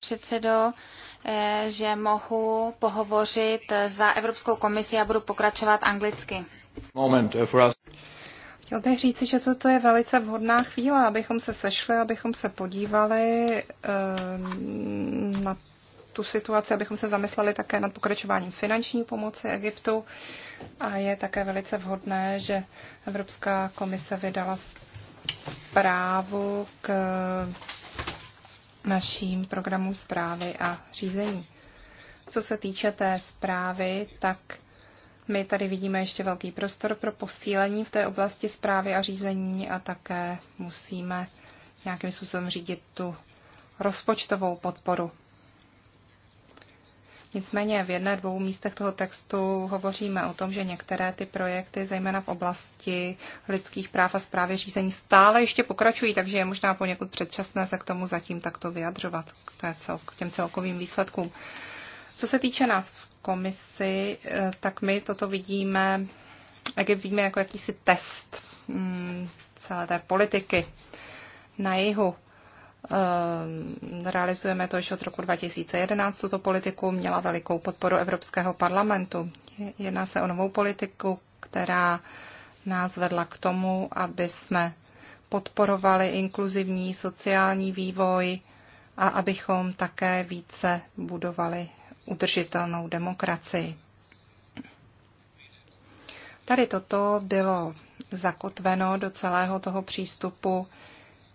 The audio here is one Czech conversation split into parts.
předsedo, eh, že mohu pohovořit za Evropskou komisi a budu pokračovat anglicky. Moment eh, Chtěl bych říci, že toto je velice vhodná chvíle, abychom se sešli, abychom se podívali eh, na tu situaci, abychom se zamysleli také nad pokračováním finanční pomoci Egyptu. A je také velice vhodné, že Evropská komise vydala zprávu k naším programu zprávy a řízení. Co se týče té zprávy, tak my tady vidíme ještě velký prostor pro posílení v té oblasti zprávy a řízení a také musíme nějakým způsobem řídit tu rozpočtovou podporu Nicméně v jedné dvou místech toho textu hovoříme o tom, že některé ty projekty, zejména v oblasti lidských práv a zprávy řízení, stále ještě pokračují, takže je možná poněkud předčasné se k tomu zatím takto vyjadřovat, k, té cel, k těm celkovým výsledkům. Co se týče nás v komisi, eh, tak my toto vidíme, jak vidíme jako jakýsi test mm, celé té politiky na jihu Ehm, realizujeme to ještě od roku 2011. Tuto politiku měla velikou podporu Evropského parlamentu. Jedná se o novou politiku, která nás vedla k tomu, aby jsme podporovali inkluzivní sociální vývoj a abychom také více budovali udržitelnou demokracii. Tady toto bylo zakotveno do celého toho přístupu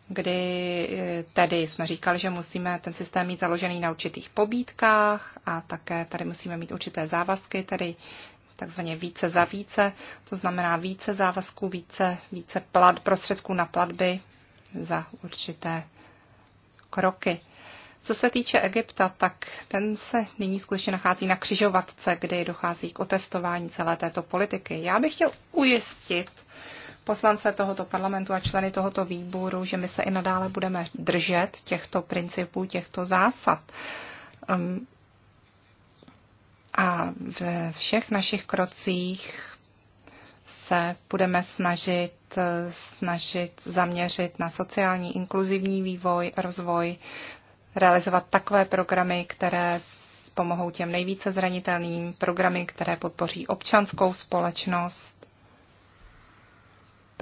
kdy eh, tady jsme říkali, že musíme ten systém mít založený na určitých pobídkách a také tady musíme mít určité závazky, tedy takzvaně více za více, to znamená více závazků, více, více plat, prostředků na platby za určité kroky. Co se týče Egypta, tak ten se nyní skutečně nachází na křižovatce, kdy dochází k otestování celé této politiky. Já bych chtěl ujistit poslance tohoto parlamentu a členy tohoto výboru, že my se i nadále budeme držet těchto principů, těchto zásad. Um, a ve všech našich krocích se budeme snažit, snažit zaměřit na sociální inkluzivní vývoj, rozvoj, realizovat takové programy, které pomohou těm nejvíce zranitelným, programy, které podpoří občanskou společnost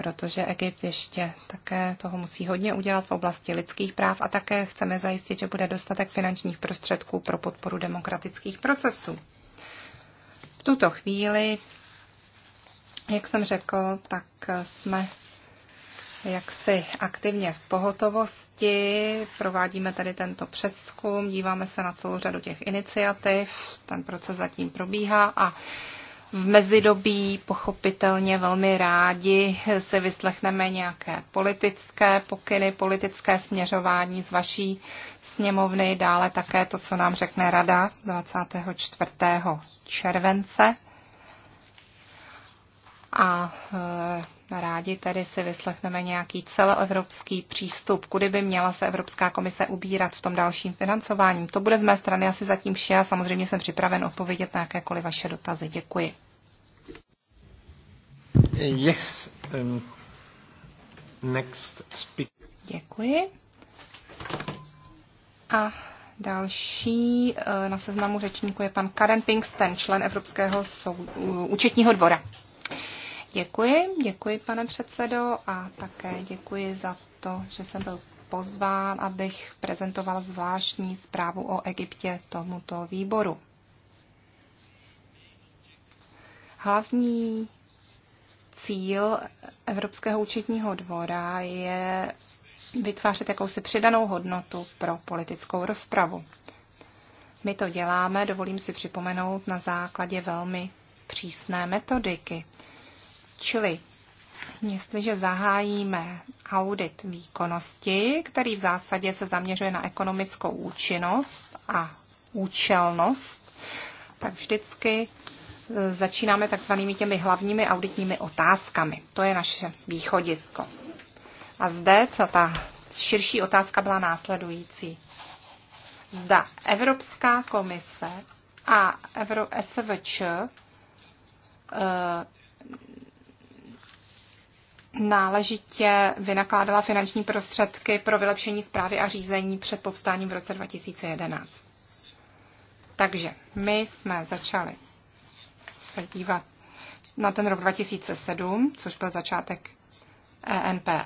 protože Egypt ještě také toho musí hodně udělat v oblasti lidských práv a také chceme zajistit, že bude dostatek finančních prostředků pro podporu demokratických procesů. V tuto chvíli, jak jsem řekl, tak jsme jaksi aktivně v pohotovosti, provádíme tady tento přeskum, díváme se na celou řadu těch iniciativ, ten proces zatím probíhá a v mezidobí pochopitelně velmi rádi se vyslechneme nějaké politické pokyny, politické směřování z vaší sněmovny, dále také to, co nám řekne Rada 24. července a e, rádi tedy si vyslechneme nějaký celoevropský přístup, kudy by měla se Evropská komise ubírat v tom dalším financování. To bude z mé strany asi zatím vše a samozřejmě jsem připraven odpovědět na jakékoliv vaše dotazy. Děkuji. Yes. Um, next speak. Děkuji. A další e, na seznamu řečníku je pan Karen Pinkston, člen Evropského účetního dvora. Děkuji, děkuji pane předsedo a také děkuji za to, že jsem byl pozván, abych prezentoval zvláštní zprávu o Egyptě tomuto výboru. Hlavní cíl Evropského účetního dvora je vytvářet jakousi přidanou hodnotu pro politickou rozpravu. My to děláme, dovolím si připomenout, na základě velmi přísné metodiky. Čili jestliže zahájíme audit výkonnosti, který v zásadě se zaměřuje na ekonomickou účinnost a účelnost, tak vždycky e, začínáme takzvanými těmi hlavními auditními otázkami. To je naše východisko. A zde co ta širší otázka byla následující. Zda Evropská komise a ESVČ SVČ e, náležitě vynakládala finanční prostředky pro vylepšení zprávy a řízení před povstáním v roce 2011. Takže my jsme začali se dívat na ten rok 2007, což byl začátek ENPA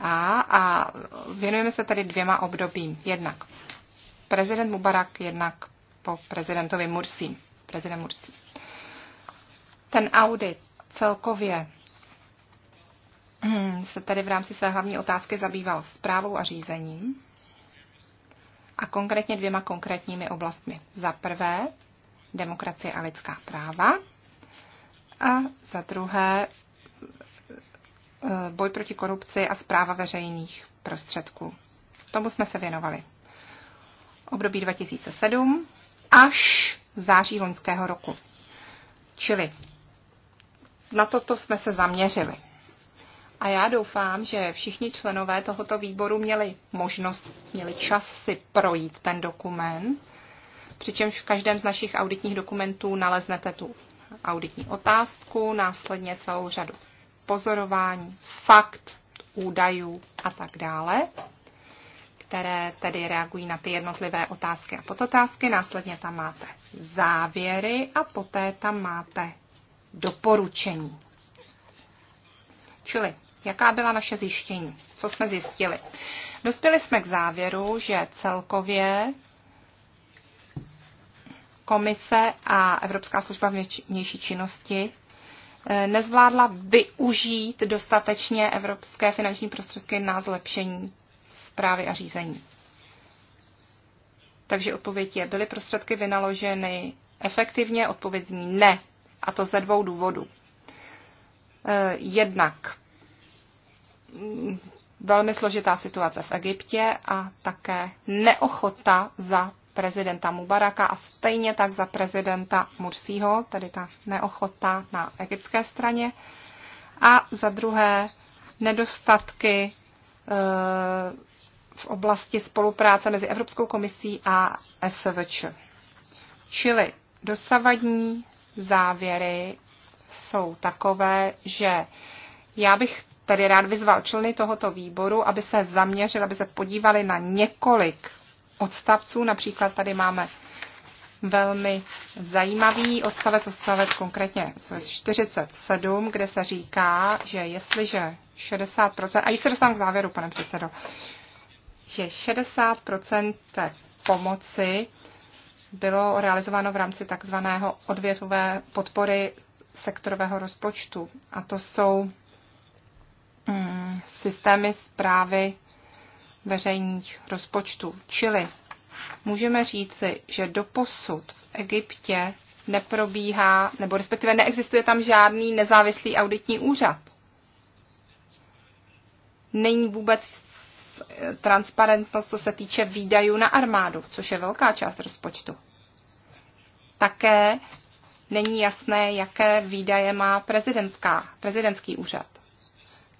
a věnujeme se tady dvěma obdobím. Jednak prezident Mubarak, jednak po prezidentovi Mursi. Prezident Mursi. Ten audit celkově Hmm, se tedy v rámci své hlavní otázky zabýval zprávou a řízením a konkrétně dvěma konkrétními oblastmi. Za prvé demokracie a lidská práva a za druhé eh, boj proti korupci a zpráva veřejných prostředků. Tomu jsme se věnovali. Období 2007 až září loňského roku. Čili na toto jsme se zaměřili. A já doufám, že všichni členové tohoto výboru měli možnost, měli čas si projít ten dokument, přičemž v každém z našich auditních dokumentů naleznete tu auditní otázku, následně celou řadu pozorování, fakt, údajů a tak dále, které tedy reagují na ty jednotlivé otázky a podotázky. Následně tam máte závěry a poté tam máte doporučení. Čili Jaká byla naše zjištění? Co jsme zjistili? Dospěli jsme k závěru, že celkově komise a Evropská služba vnější činnosti eh, nezvládla využít dostatečně evropské finanční prostředky na zlepšení zprávy a řízení. Takže odpověď je, byly prostředky vynaloženy efektivně, odpověď zní ne. A to ze dvou důvodů. Eh, jednak velmi složitá situace v Egyptě a také neochota za prezidenta Mubaraka a stejně tak za prezidenta Mursího, tedy ta neochota na egyptské straně. A za druhé nedostatky eh, v oblasti spolupráce mezi Evropskou komisí a SVČ. Čili dosavadní závěry jsou takové, že já bych tedy rád vyzval členy tohoto výboru, aby se zaměřili, aby se podívali na několik odstavců. Například tady máme velmi zajímavý odstavec, odstavec konkrétně 47, kde se říká, že jestliže 60%, a již se dostanu k závěru, pane předsedo, že 60% té pomoci bylo realizováno v rámci takzvaného odvětové podpory sektorového rozpočtu. A to jsou Mm, systémy zprávy veřejných rozpočtů. Čili můžeme říci, že doposud v Egyptě neprobíhá, nebo respektive neexistuje tam žádný nezávislý auditní úřad. Není vůbec transparentnost, co se týče výdajů na armádu, což je velká část rozpočtu. Také není jasné, jaké výdaje má prezidentská, prezidentský úřad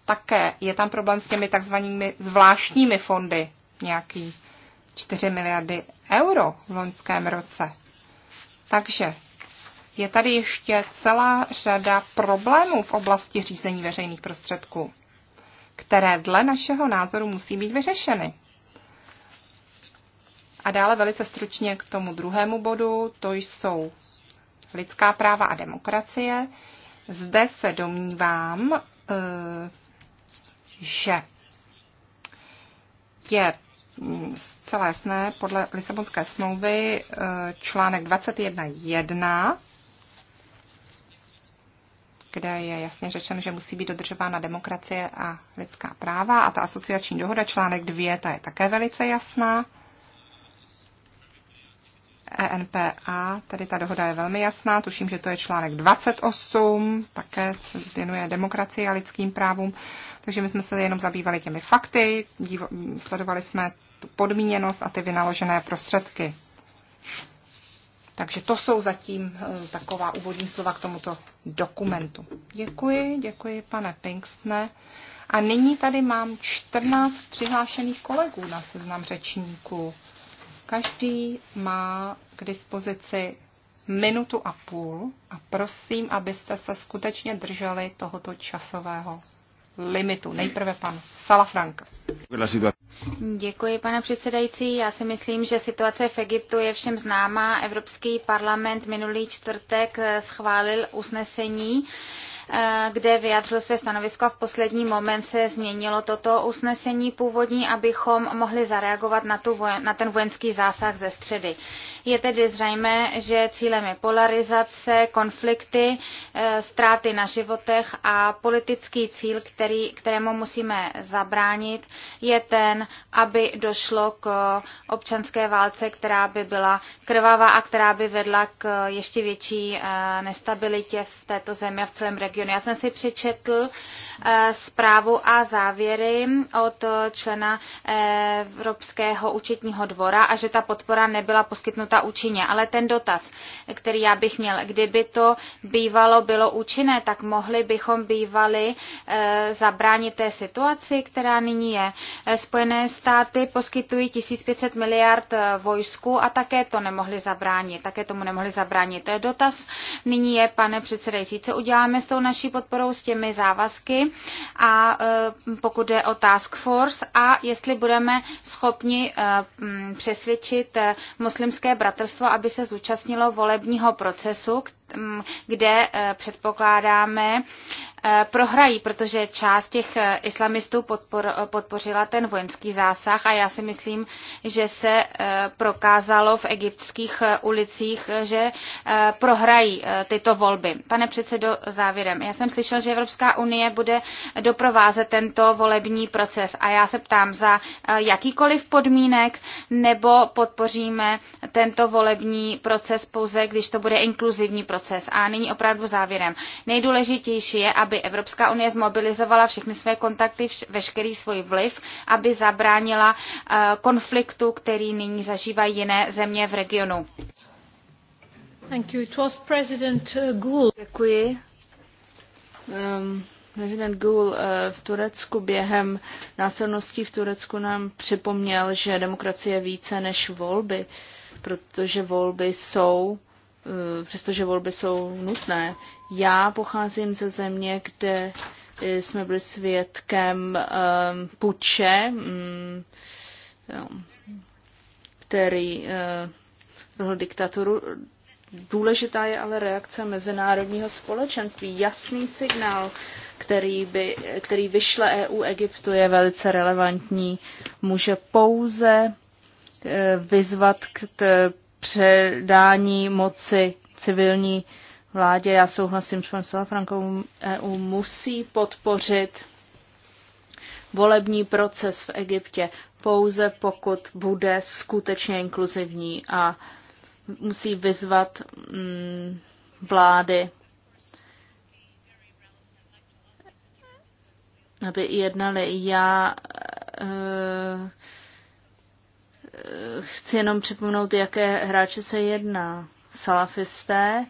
také je tam problém s těmi takzvanými zvláštními fondy, nějaký 4 miliardy euro v loňském roce. Takže je tady ještě celá řada problémů v oblasti řízení veřejných prostředků, které dle našeho názoru musí být vyřešeny. A dále velice stručně k tomu druhému bodu, to jsou lidská práva a demokracie. Zde se domnívám, eh, že je mm, zcela jasné podle Lisabonské smlouvy e, článek 21.1, kde je jasně řečeno, že musí být dodržována demokracie a lidská práva a ta asociační dohoda článek 2, ta je také velice jasná. ENPA, tady ta dohoda je velmi jasná, tuším, že to je článek 28, také se věnuje demokracii a lidským právům, takže my jsme se jenom zabývali těmi fakty, dívo, sledovali jsme tu podmíněnost a ty vynaložené prostředky. Takže to jsou zatím eh, taková úvodní slova k tomuto dokumentu. Děkuji, děkuji pane Pinkstne. A nyní tady mám 14 přihlášených kolegů na seznam řečníků. Každý má k dispozici minutu a půl a prosím, abyste se skutečně drželi tohoto časového limitu. Nejprve pan Salafrank. Děkuji, pane předsedající. Já si myslím, že situace v Egyptu je všem známá. Evropský parlament minulý čtvrtek schválil usnesení, Eh, kde vyjádřil své stanovisko a v poslední moment se změnilo toto usnesení původní, abychom mohli zareagovat na, tu voj- na ten vojenský zásah ze středy. Je tedy zřejmé, že cílem je polarizace, konflikty, eh, ztráty na životech a politický cíl, který, kterému musíme zabránit, je ten, aby došlo k občanské válce, která by byla krvavá a která by vedla k ještě větší eh, nestabilitě v této zemi a v celém regionu regionu. Já jsem si přečetl eh, zprávu a závěry od člena eh, Evropského účetního dvora a že ta podpora nebyla poskytnuta účinně. Ale ten dotaz, který já bych měl, kdyby to bývalo bylo účinné, tak mohli bychom bývali eh, zabránit té situaci, která nyní je. Spojené státy poskytují 1500 miliard vojsku a také to nemohli zabránit. Také tomu nemohli zabránit. Dotaz nyní je, pane předsedající, co uděláme s tou naší podporou s těmi závazky a e, pokud je o task force a jestli budeme schopni e, přesvědčit e, muslimské bratrstvo, aby se zúčastnilo volebního procesu, Mm, kde eh, předpokládáme eh, prohrají, protože část těch eh, islamistů podpor, podpořila ten vojenský zásah a já si myslím, že se prokázalo v egyptských ulicích, že prohrají tyto volby. Pane předsedo, závěrem. Já jsem slyšel, že Evropská unie bude doprovázet tento volební proces a já se ptám za jakýkoliv podmínek nebo podpoříme tento volební proces pouze, když to bude inkluzivní proces proces. A nyní opravdu závěrem. Nejdůležitější je, aby Evropská unie zmobilizovala všechny své kontakty, veškerý svůj vliv, aby zabránila eh, konfliktu, který nyní zažívají jiné země v regionu. Thank you. It was President eh, Gould. Děkuji. Um, prezident Gül eh, v Turecku během násilností v Turecku nám připomněl, že demokracie je více než volby, protože volby jsou Eh, přestože volby jsou nutné. Já pocházím ze země, kde eh, jsme byli svědkem um, puče, um, který uh, rohl diktaturu. Důležitá je ale reakce mezinárodního společenství. Jasný signál, který, by, který vyšle EU Egyptu, je velice relevantní. Může pouze vyzvat k předání moci civilní vládě. Já souhlasím s panem Frankou, EU musí podpořit volební proces v Egyptě pouze pokud bude skutečně inkluzivní a musí vyzvat mm, vlády, aby jednali. Já e, chci jenom připomenout, jaké hráče se jedná. Salafisté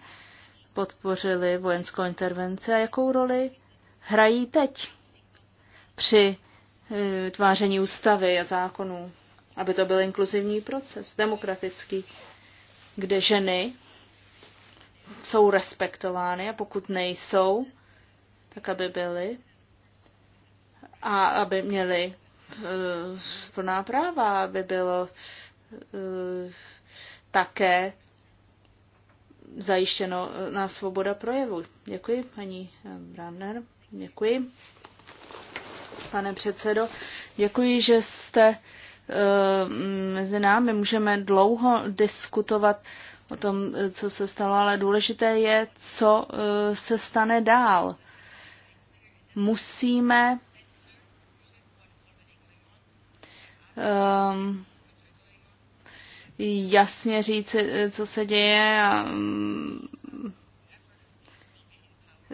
podpořili vojenskou intervenci a jakou roli hrají teď při e, tváření ústavy a zákonů, aby to byl inkluzivní proces, demokratický, kde ženy jsou respektovány a pokud nejsou, tak aby byly a aby měly Eh, plná práva, aby bylo eh, také zajištěno eh, na svoboda projevu. Děkuji, paní Brandner. Děkuji. Pane předsedo, děkuji, že jste mezi námi. Můžeme dlouho diskutovat o tom, co se stalo, ale důležité je, co se stane dál. Musíme um, jasně říct, co se děje a mm,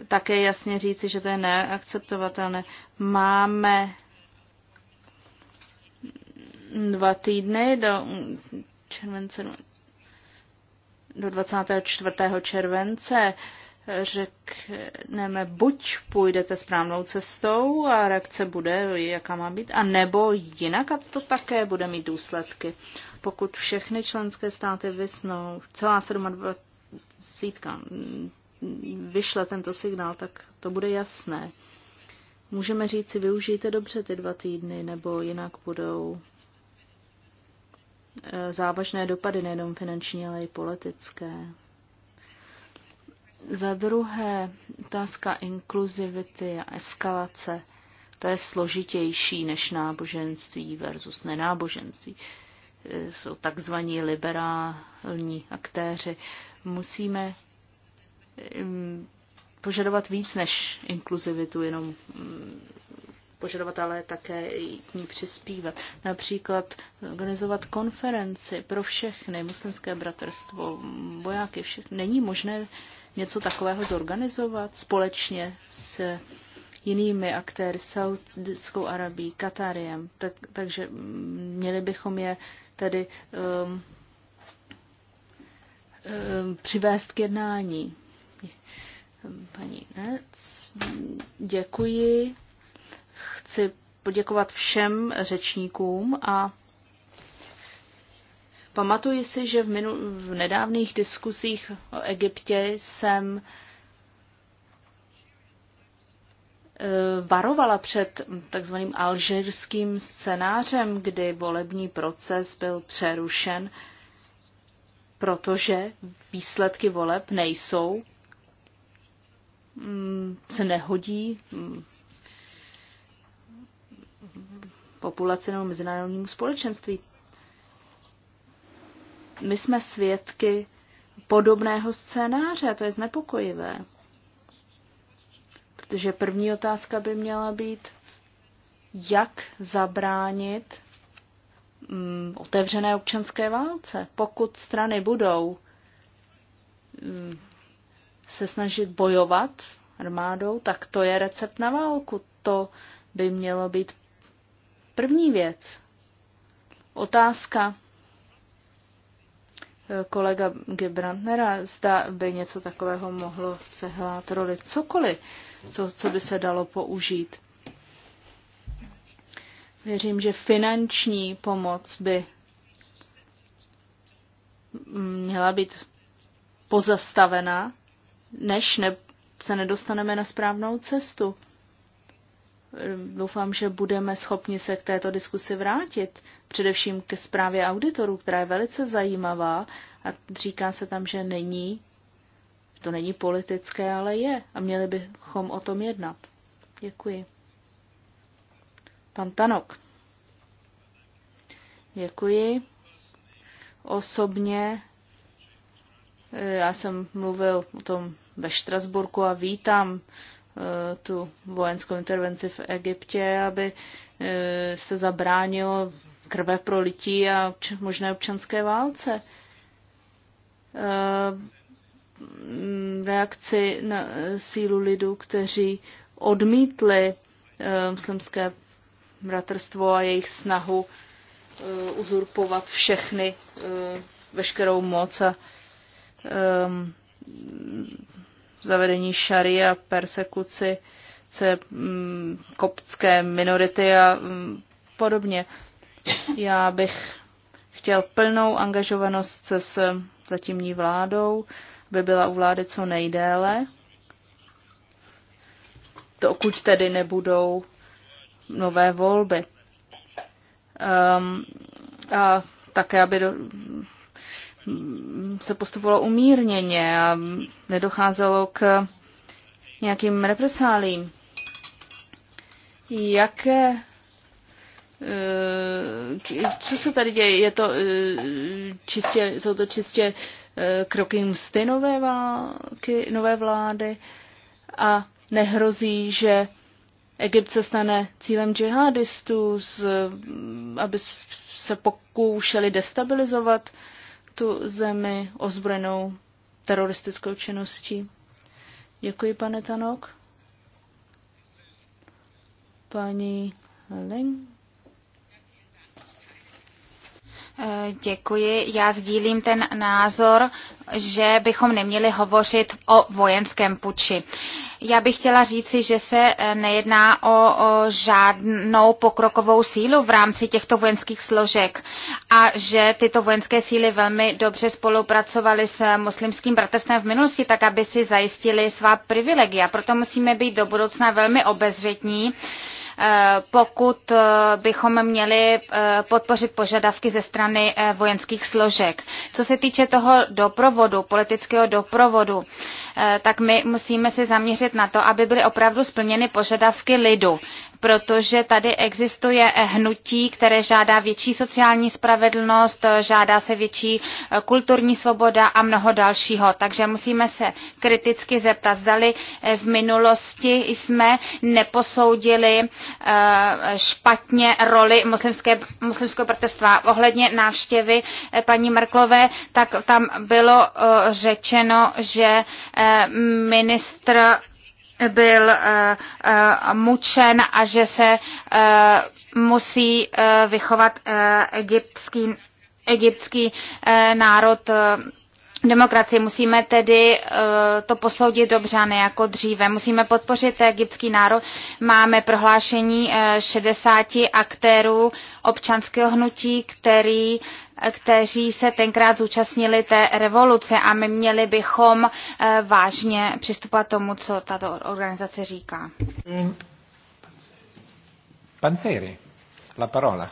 také jasně říci, že to je neakceptovatelné. Máme dva týdny do července, no, do 24. července řekneme, buď půjdete správnou cestou a reakce bude, jaká má být, a nebo jinak a to také bude mít důsledky. Pokud všechny členské státy vysnou, celá 27 vyšle tento signál, tak to bude jasné. Můžeme říct si, využijte dobře ty dva týdny, nebo jinak budou eh, závažné dopady, nejenom finanční, ale i politické. Za druhé, otázka inkluzivity a eskalace, to je složitější než náboženství versus nenáboženství. Jsou takzvaní liberální aktéři. Musíme mm, požadovat víc než inkluzivitu, jenom mm, požadovat, ale také k ní přispívat. Například organizovat konferenci pro všechny, muslimské bratrstvo, vojáky, všechny. Není možné něco takového zorganizovat společně s jinými aktéry, Saudskou Arabí, Katariem. Tak, takže měli bychom je tedy um, um, přivést k jednání. Paní Nec, děkuji. Chci poděkovat všem řečníkům a Pamatuji si, že v, minul- v nedávných diskusích o Egyptě jsem eh, varovala před takzvaným alžírským scénářem, kdy volební proces byl přerušen, protože výsledky voleb nejsou, mm, se nehodí mm, populaci nebo mezinárodnímu společenství my jsme svědky podobného scénáře a to je znepokojivé. Protože první otázka by měla být, jak zabránit mm, otevřené občanské válce, pokud strany budou mm, se snažit bojovat armádou, tak to je recept na válku. To by mělo být první věc. Otázka kolega Gebrandnera, zda by něco takového mohlo sehlát roli. Cokoliv, co, co by se dalo použít. Věřím, že finanční pomoc by měla být pozastavena, než ne, se nedostaneme na správnou cestu doufám, že budeme schopni se k této diskusi vrátit, především ke zprávě auditorů, která je velice zajímavá a říká se tam, že není, to není politické, ale je a měli bychom o tom jednat. Děkuji. Pan Tanok. Děkuji. Osobně eh, já jsem mluvil o tom ve Štrasburku a vítám Eh, tu vojenskou intervenci v Egyptě, aby eh, se zabránilo krve pro lití a možné občanské válce. Eh, reakci na sílu lidů, kteří odmítli muslimské bratrstvo a jejich snahu uzurpovat všechny, veškerou moc a zavedení šary a persekuci se mm, koptské minority a mm, podobně. Já bych chtěl plnou angažovanost s zatímní vládou, by byla u vlády co nejdéle, dokud tedy nebudou nové volby. Um, a také, aby do, Mm, se postupovalo umírněně a nedocházelo k nějakým represálím. Jaké eh, co se tady děje? Je to, eh, čistě, jsou to čistě eh, kroky msty nové, války, nové vlády a nehrozí, že Egypt se stane cílem džihadistů, aby se pokoušeli destabilizovat uh, tu zemi ozbrojenou teroristickou činností. Děkuji, pane Tanok. Paní Ling, Eh, děkuji. Já sdílím ten názor, že bychom neměli hovořit o vojenském puči. Já bych chtěla říci, že se eh, nejedná o, o žádnou pokrokovou sílu v rámci těchto vojenských složek a že tyto vojenské síly velmi dobře spolupracovaly s muslimským bratrstvem v minulosti, tak aby si zajistili svá privilegia. Proto musíme být do budoucna velmi obezřetní Eh, pokud eh, bychom měli eh, podpořit požadavky ze strany vojenských složek. Co se týče toho doprovodu, politického doprovodu, tak my musíme se zaměřit na to, aby byly opravdu splněny požadavky lidu protože tady existuje hnutí, které žádá větší sociální spravedlnost, žádá se větší eh, kulturní svoboda a mnoho dalšího. Takže musíme se kriticky zeptat, zdali eh, v minulosti jsme neposoudili eh, špatně roli muslimské, muslimského bratrstva. Ohledně návštěvy paní Merklové, tak tam bylo řečeno, že ministr byl eh, eh, mučen a že se eh, musí vychovat egyptský, egyptský národ demokracii. Musíme tedy eh, to posoudit dobře, ne jako dříve. Musíme podpořit egyptský národ. Máme prohlášení 60 eh, aktérů občanského hnutí, který eh, kteří se tenkrát zúčastnili té revoluce a my měli bychom vážně přistupovat tomu, co tato organizace říká. Mm. Panceri, la parola.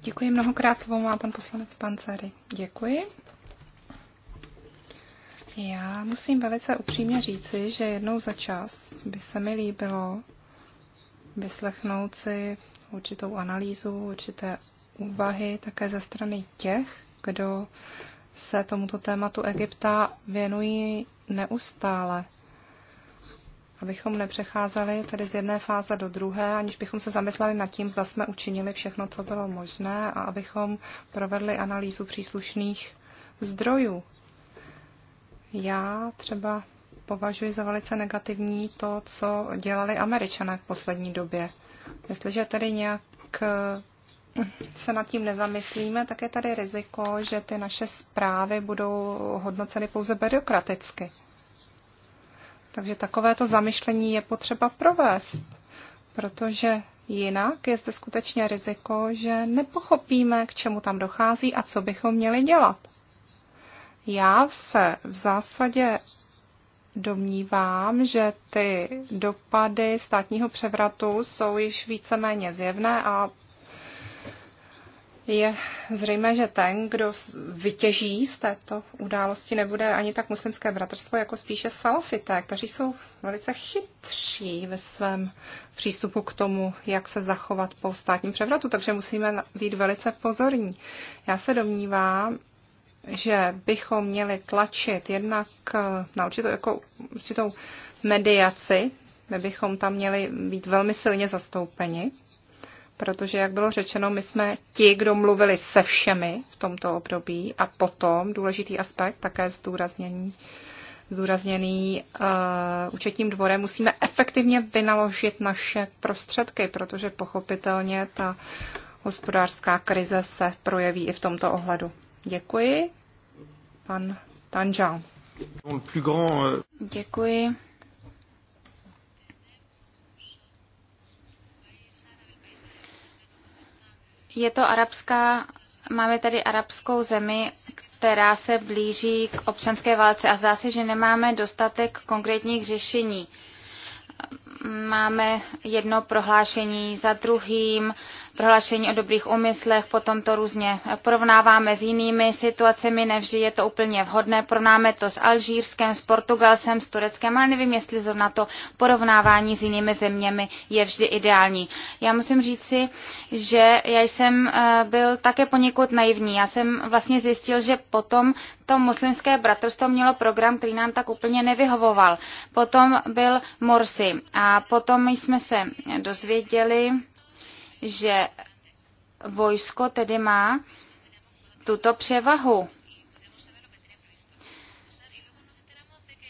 Děkuji mnohokrát, slovo má pan poslanec Panceri. Děkuji. Já musím velice upřímně říci, že jednou za čas by se mi líbilo vyslechnout si určitou analýzu, určité úvahy také ze strany těch, kdo se tomuto tématu Egypta věnují neustále. Abychom nepřecházeli tedy z jedné fáze do druhé, aniž bychom se zamysleli nad tím, zda jsme učinili všechno, co bylo možné a abychom provedli analýzu příslušných zdrojů já třeba považuji za velice negativní to, co dělali američané v poslední době. Jestliže tedy nějak eh, se nad tím nezamyslíme, tak je tady riziko, že ty naše zprávy budou hodnoceny pouze byrokraticky. Takže takovéto zamyšlení je potřeba provést, protože jinak je zde skutečně riziko, že nepochopíme, k čemu tam dochází a co bychom měli dělat. Já se v zásadě domnívám, že ty dopady státního převratu jsou již víceméně zjevné a je zřejmé, že ten, kdo vytěží z této události, nebude ani tak muslimské bratrstvo, jako spíše salafité, kteří jsou velice chytří ve svém přístupu k tomu, jak se zachovat po státním převratu, takže musíme být velice pozorní. Já se domnívám, že bychom měli tlačit jednak eh, na určitou, jako, určitou mediaci, my bychom tam měli být velmi silně zastoupeni, protože, jak bylo řečeno, my jsme ti, kdo mluvili se všemi v tomto období a potom důležitý aspekt, také zdůraznění, zdůrazněný uh, účetním dvorem, musíme efektivně vynaložit naše prostředky, protože pochopitelně ta hospodářská krize se projeví i v tomto ohledu. Děkuji pan Tanžal. Euh, Děkuji. Je to arabská, máme tady arabskou zemi, která se blíží k občanské válce a zdá se, že nemáme dostatek konkrétních řešení. Máme jedno prohlášení za druhým, prohlášení o dobrých úmyslech, potom to různě porovnáváme s jinými situacemi, nevždy je to úplně vhodné, porovnáme to s Alžírskem, s Portugalsem, s Tureckem, ale nevím, jestli zrovna to porovnávání s jinými zeměmi je vždy ideální. Já musím říci, že já jsem eh, byl také poněkud naivní. Já jsem vlastně zjistil, že potom to muslimské bratrstvo mělo program, který nám tak úplně nevyhovoval. Potom byl Morsi a potom jsme se dozvěděli, že vojsko tedy má tuto převahu.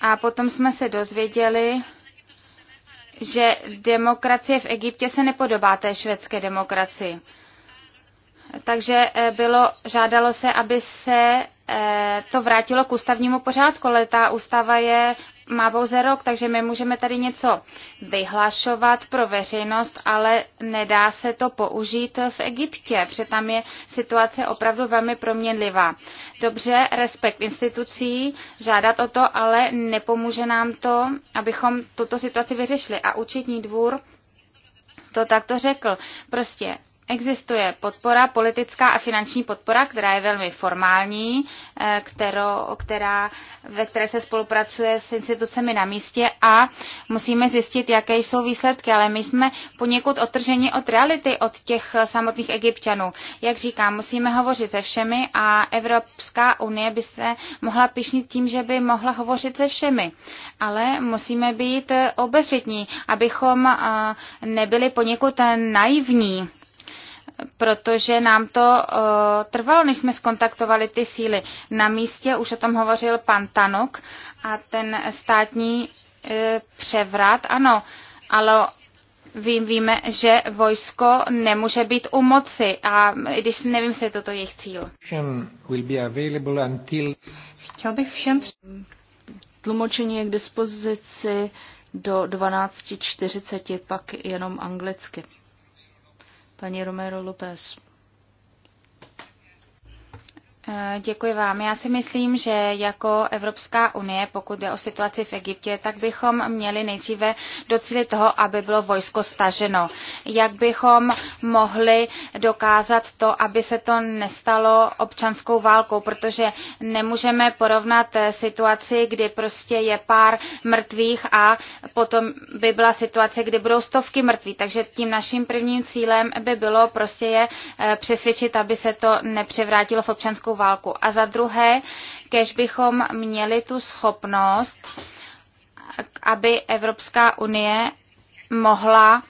A potom jsme se dozvěděli, že demokracie v Egyptě se nepodobá té švédské demokracii takže eh, bylo, žádalo se, aby se eh, to vrátilo k ústavnímu pořádku, ale ta ústava je, má pouze rok, takže my můžeme tady něco vyhlašovat pro veřejnost, ale nedá se to použít v Egyptě, protože tam je situace opravdu velmi proměnlivá. Dobře, respekt institucí, žádat o to, ale nepomůže nám to, abychom tuto situaci vyřešili. A účetní dvůr to takto řekl. Prostě Existuje podpora, politická a finanční podpora, která je velmi formální, eh, kterou, která, ve které se spolupracuje s institucemi na místě a musíme zjistit, jaké jsou výsledky, ale my jsme poněkud otrženi od reality, od těch samotných egyptianů. Jak říkám, musíme hovořit se všemi a Evropská unie by se mohla pišnit tím, že by mohla hovořit se všemi, ale musíme být obezřetní, abychom eh, nebyli poněkud naivní protože nám to uh, trvalo, než jsme skontaktovali ty síly. Na místě už o tom hovořil pan Tanok a ten státní uh, převrat, ano, ale vím, víme, že vojsko nemůže být u moci a i když nevím, se je toto jejich cíl. Chtěl bych všem tlumočení je k dispozici do 12.40, pak jenom anglicky. Paní Romero López. Eh, děkuji vám. Já si myslím, že jako Evropská unie, pokud jde o situaci v Egyptě, tak bychom měli nejdříve docílit toho, aby bylo vojsko staženo. Jak bychom mohli dokázat to, aby se to nestalo občanskou válkou, protože nemůžeme porovnat eh, situaci, kdy prostě je pár mrtvých a potom by byla situace, kdy budou stovky mrtvých. Takže tím naším prvním cílem by bylo prostě je eh, přesvědčit, aby se to nepřevrátilo v občanskou válku. A za druhé, kež bychom měli tu schopnost, aby Evropská unie mohla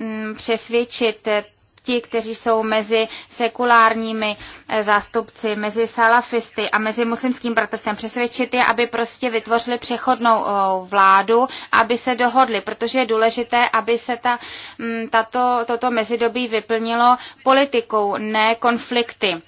mm, přesvědčit ti, kteří jsou mezi sekulárními eh, zástupci, mezi salafisty a mezi muslimským bratrstvem, přesvědčit je, aby prostě vytvořili přechodnou vládu, aby se dohodli, protože je důležité, aby se ta, mm, tato, toto mezidobí vyplnilo politikou, ne konflikty.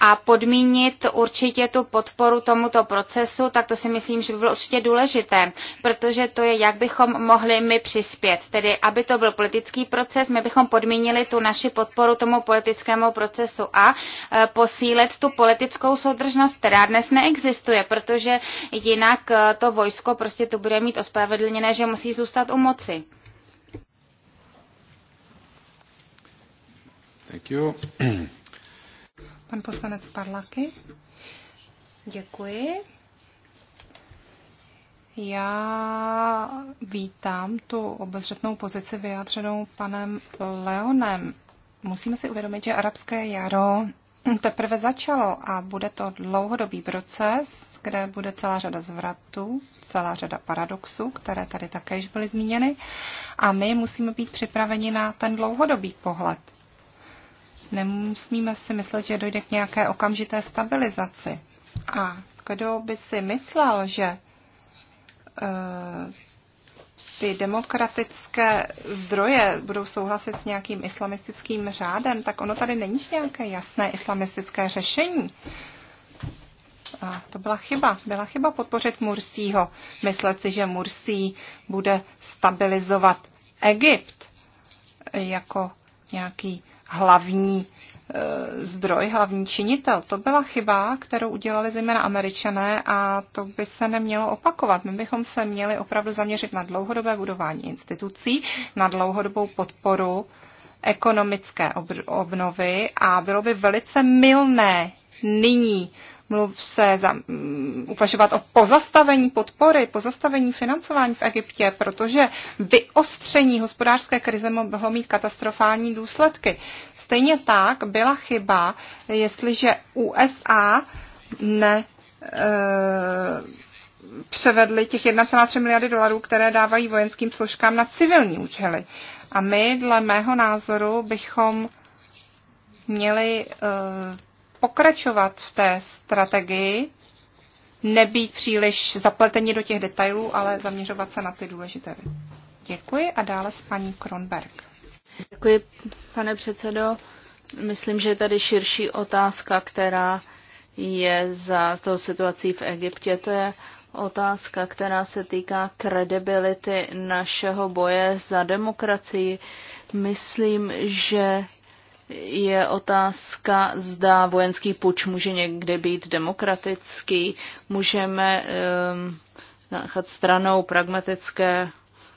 A podmínit určitě tu podporu tomuto procesu, tak to si myslím, že by bylo určitě důležité, protože to je, jak bychom mohli my přispět. Tedy, aby to byl politický proces, my bychom podmínili tu naši podporu podporu tomu politickému procesu a e, posílit tu politickou soudržnost, která dnes neexistuje, protože jinak e, to vojsko prostě to bude mít ospravedlněné, že musí zůstat u moci. Thank you. Pan poslanec Parlaky. Děkuji. Já vítám tu obezřetnou pozici vyjádřenou panem Leonem musíme si uvědomit, že arabské jaro teprve začalo a bude to dlouhodobý proces, kde bude celá řada zvratů, celá řada paradoxů, které tady také již byly zmíněny. A my musíme být připraveni na ten dlouhodobý pohled. Nemusíme si myslet, že dojde k nějaké okamžité stabilizaci. A kdo by si myslel, že eh, ty demokratické zdroje budou souhlasit s nějakým islamistickým řádem, tak ono tady není nějaké jasné islamistické řešení. A to byla chyba. Byla chyba podpořit Mursího. Myslet si, že Mursí bude stabilizovat Egypt jako nějaký hlavní E, zdroj, hlavní činitel. To byla chyba, kterou udělali zejména američané a to by se nemělo opakovat. My bychom se měli opravdu zaměřit na dlouhodobé budování institucí, na dlouhodobou podporu ekonomické obnovy a bylo by velice milné nyní mluv se za, um, uvažovat o pozastavení podpory, pozastavení financování v Egyptě, protože vyostření hospodářské krize mohlo mít katastrofální důsledky. Stejně tak byla chyba, jestliže USA ne eh, převedli těch 1,3 miliardy dolarů, které dávají vojenským složkám na civilní účely. A my, dle mého názoru, bychom měli eh, pokračovat v té strategii, nebýt příliš zapleteni do těch detailů, ale zaměřovat se na ty důležité. Děkuji a dále s paní Kronberg. Děkuji, pane předsedo. Myslím, že je tady širší otázka, která je za tou situací v Egyptě. To je otázka, která se týká kredibility našeho boje za demokracii. Myslím, že je otázka, zda vojenský puč může někde být demokratický. Můžeme um, nechat stranou pragmatické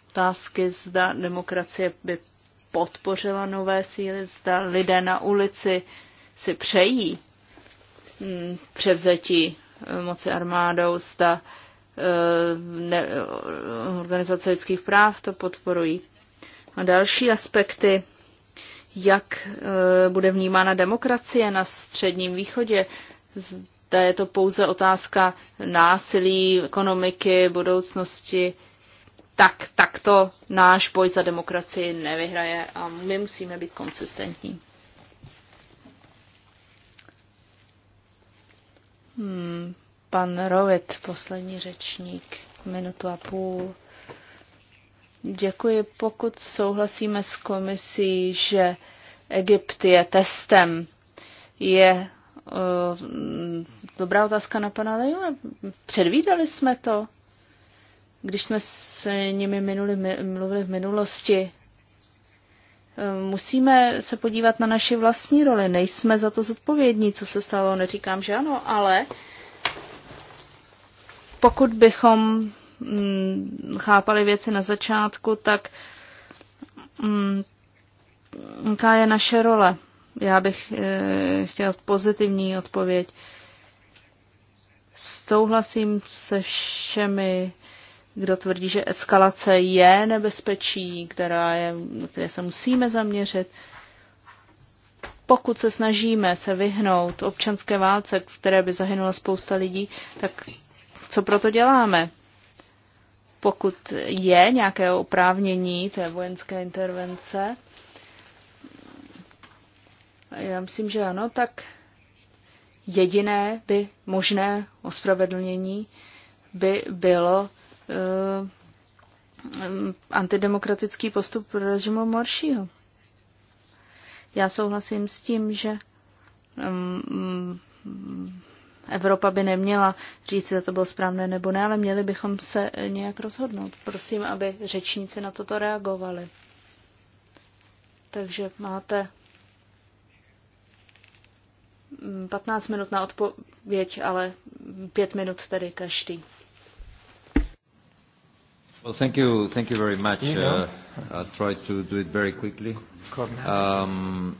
otázky, zda demokracie by podpořila nové síly, zda lidé na ulici si přejí hm, převzetí eh, moci armádou, zda eh, ne, organizace lidských práv to podporují. A další aspekty, jak eh, bude vnímána demokracie na Středním východě, zda je to pouze otázka násilí, ekonomiky, budoucnosti, tak, tak to náš boj za demokracii nevyhraje a my musíme být konsistentní. Hmm, pan Rovit, poslední řečník, minutu a půl. Děkuji, pokud souhlasíme s komisí, že Egypt je testem, je uh, dobrá otázka na pana Lejona. Předvídali jsme to? Když jsme s nimi minuli, mluvili v minulosti, musíme se podívat na naši vlastní roli. Nejsme za to zodpovědní, co se stalo, neříkám, že ano, ale pokud bychom mm, chápali věci na začátku, tak mm, jaká je naše role? Já bych eh, chtěl pozitivní odpověď. Souhlasím se všemi kdo tvrdí, že eskalace je nebezpečí, která je, které se musíme zaměřit. Pokud se snažíme se vyhnout občanské válce, v které by zahynula spousta lidí, tak co proto děláme? Pokud je nějaké oprávnění té vojenské intervence, já myslím, že ano, tak jediné by možné ospravedlnění by bylo Eh, antidemokratický postup pro režimu Moršího. Já souhlasím s tím, že mm, Evropa by neměla říct, že to bylo správné nebo ne, ale měli bychom se nějak rozhodnout. Prosím, aby řečníci na toto reagovali. Takže máte 15 mm, minut na odpověď, ale 5 minut tedy každý. Well, thank you, thank you very much. You know? uh, I'll try to do it very quickly. Um,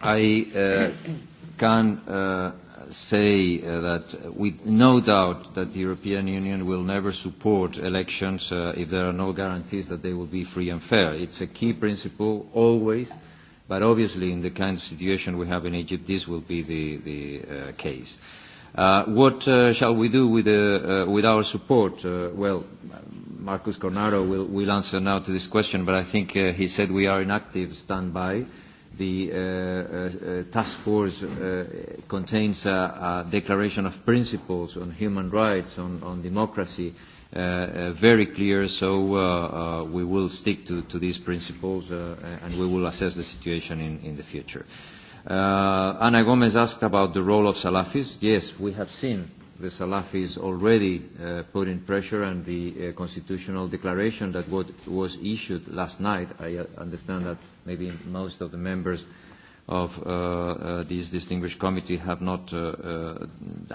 I uh, can uh, say uh, that with no doubt that the European Union will never support elections uh, if there are no guarantees that they will be free and fair. It's a key principle always, but obviously in the kind of situation we have in Egypt, this will be the, the uh, case. Uh, Uh, what uh, shall we do with, uh, uh, with our support? Uh, well, Marcus Cornaro will, will answer now to this question, but I think uh, he said we are in active standby. The uh, uh, uh, task force uh, contains a, a declaration of principles on human rights, on, on democracy, uh, uh, very clear, so uh, uh, we will stick to, to these principles uh, and we will assess the situation in, in the future. Uh, Uh, Ana Gomez asked about the role of Salafis. Yes, we have seen the Salafis already uh, in pressure and the uh, constitutional declaration that what was issued last night. I uh, understand that maybe most of the members of uh, uh, this distinguished committee have not uh, uh,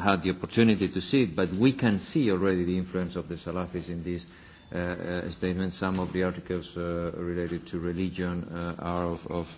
had the opportunity to see it, but we can see already the influence of the Salafis in this uh, uh, statement. Some of the articles uh, related to religion uh, are of, of –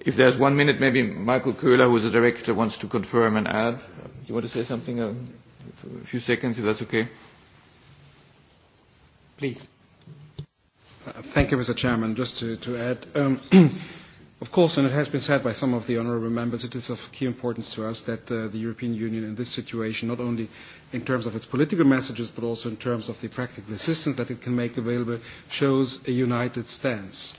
If there's one minute, maybe Michael Köhler, who is the director, wants to confirm and add. Do You want to say something? Uh, a few seconds, if that's okay. Please. Uh, thank you, Mr. Chairman. Just to, to add, um, of course, and it has been said by some of the honourable members, it is of key importance to us that uh, the European Union in this situation, not only in terms of its political messages, but also in terms of the practical assistance that it can make available, shows a united stance. Uh,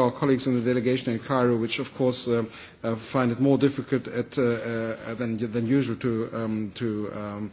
our colleagues in the delegation in Cairo, which of course uh, uh, find it more difficult at, uh, uh, than, than usual to, um, to um,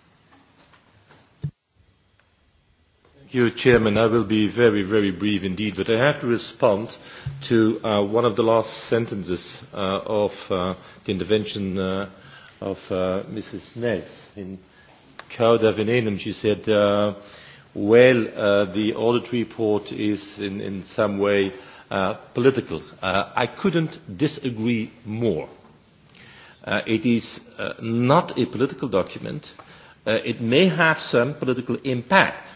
I will be very, very brief indeed, but I have to respond to uh, one of the last sentences uh, of uh, the intervention of Mrs. neyts. In Cauda Venenum, she said, well, the audit report is in, some way political. Uh, I couldn't disagree more. it is not a political document. it may have some political impact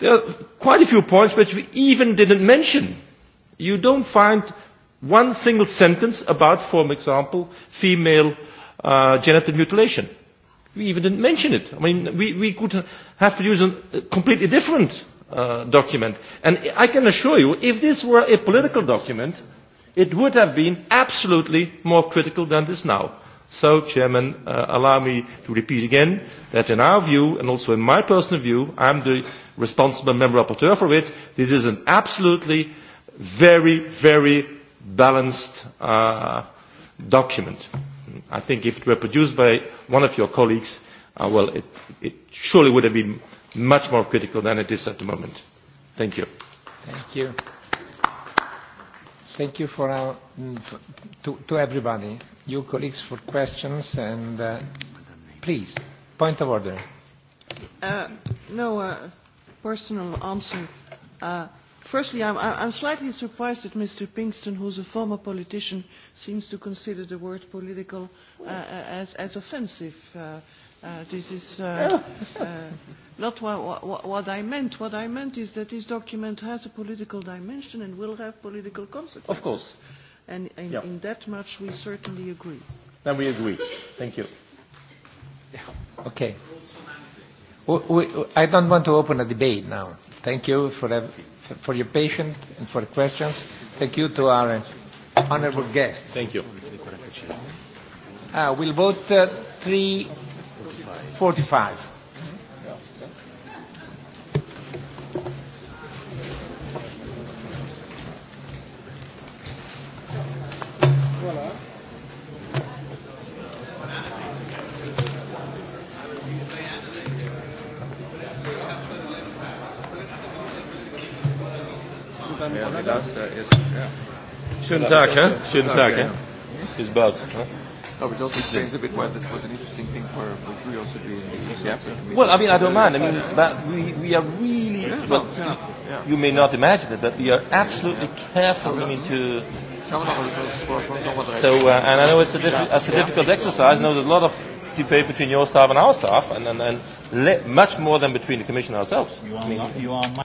There are quite a few points which we even didn't mention. You don't find one single sentence about, for example, female uh, genital mutilation. We even didn't mention it. I mean, we, we could have used a completely different uh, document. And I can assure you, if this were a political document, it would have been absolutely more critical than this now. So, Chairman, uh, allow me to repeat again that in our view, and also in my personal view, I'm the responsible member rapporteur for it, this is an absolutely very, very balanced uh, document. I think if it were produced by one of your colleagues, uh, well, it, it surely would have been much more critical than it is at the moment. Thank you. Thank you. Thank you for, uh, mm, our, to, to everybody, you colleagues for questions and uh, please, point of order. Uh, no, uh, personal answer. Uh, firstly, I'm, I'm slightly surprised that Mr. Pinkston, who's a former politician, seems to consider the word political uh, as, as offensive. Uh, Uh, this is uh, uh, not what, what, what I meant. What I meant is that this document has a political dimension and will have political consequences. Of course. And and yeah. in that much we certainly agree. Then we agree. Thank you. Yeah. Okay. We, we, I don't want to open a debate now. Thank you for, for your patience and for the questions. Thank you to our honorable guests. Thank you. Uh, we'll vote uh, three. 45. Schönen Tag, hä? Schönen Tag, hä? Bis bald. No, but also explains a bit why this was an interesting thing for, for you also be in the African. Well, I mean, I don't mind. I mean, that we, we are really, yeah, well, no, yeah, yeah. you may not imagine it, but we are absolutely yeah. careful, I mean, to... So, uh, and I know it's a, diffi- yeah. it's a difficult yeah. exercise. I know there's a lot of debate between your staff and our staff, and, and, and le- much more than between the Commission ourselves. You are, I mean, not, you are